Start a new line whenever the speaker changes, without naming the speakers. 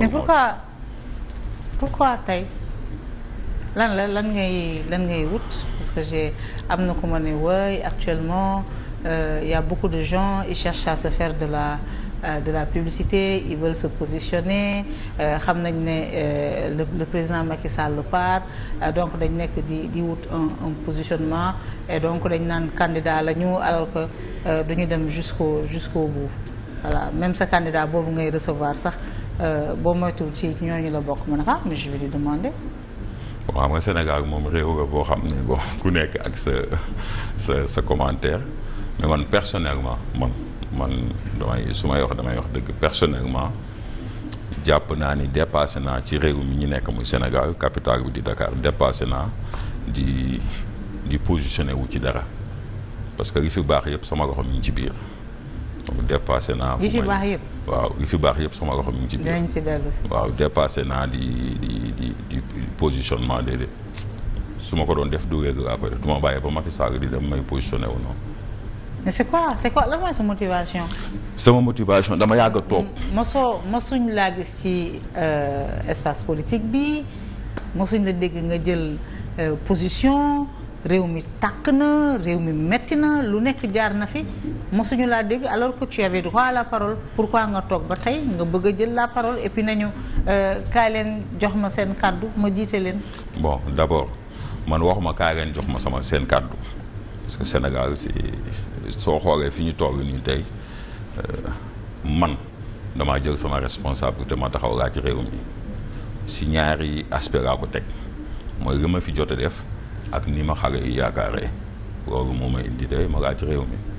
mais pourquoi pourquoi tey lan la lan ngay lan ngay wut parce que j'ai am na ko ma ne wooy actuellement euh, beaucoup de gens ils cherchent à faire de la euh, de la publicité ils veulent se positionner euh, xam nañ ne euh, le président Macky Sall le part donc dañ nekk di di wut un un positionnement et donc dañ naan candidat la ñu alors que duñu dem jusqu'au jusqu'au bout voilà même sa candidat boobu ngay recevoir sax Euh, boo moytuwul ci ñooñu la bokk mën a ah, xam mais je vais
Sénégal moom réew la boo xam ne bon ku nekk ak sa sa sa commentaire mais man personnellement man man damay su may wax damay wax dëgg personnellement jàpp naa ni dépassé naa ci réew mi ñu nekk muy Sénégal capitale bi di Dakar dépasé naa di di positionné wu ci dara parce que li fi baax yëpp sama loxo mi ngi ci biir. dépassé naa. fu may waaw yu fi baax yëpp sama loxo mi ngi ci biir. ci waaw dépassé naa di di di di positionnement déedéet su ma ko doon def duggee ko après du ma bàyyi ba Macky Sall di dem may positionné wu noonu.
mais c'est quoi c'est quoi lan mooy sa motivation.
sama motivation dama yàgg a toog.
ma mosuñ laa si ci euh, espace politique bi mosuñ la dégg nga jël euh, position. réew mi tàkk na réew mi metti na lu nekk jaar na fi mosuñu laa dégg alors que tu du droit à la pour pourquoi nga toog ba tey nga bëgg a jël laa parole et nañu euh, kaay leen jox ma seen kàddu ma jiite leen.
bon d' abord man waxuma kaay leen jox ma sama seen kàddu parce que Sénégal si soo xoolee fi ñu toll nii tey euh, man damaa jël sama responsabilité ma taxaw laa ci réew mi si ñaari aspect laa ko teg mooy li ma fi jot a def. ak ni ma xale yi yaakaaree loolu moo ma indi tey ma laaj
réew mi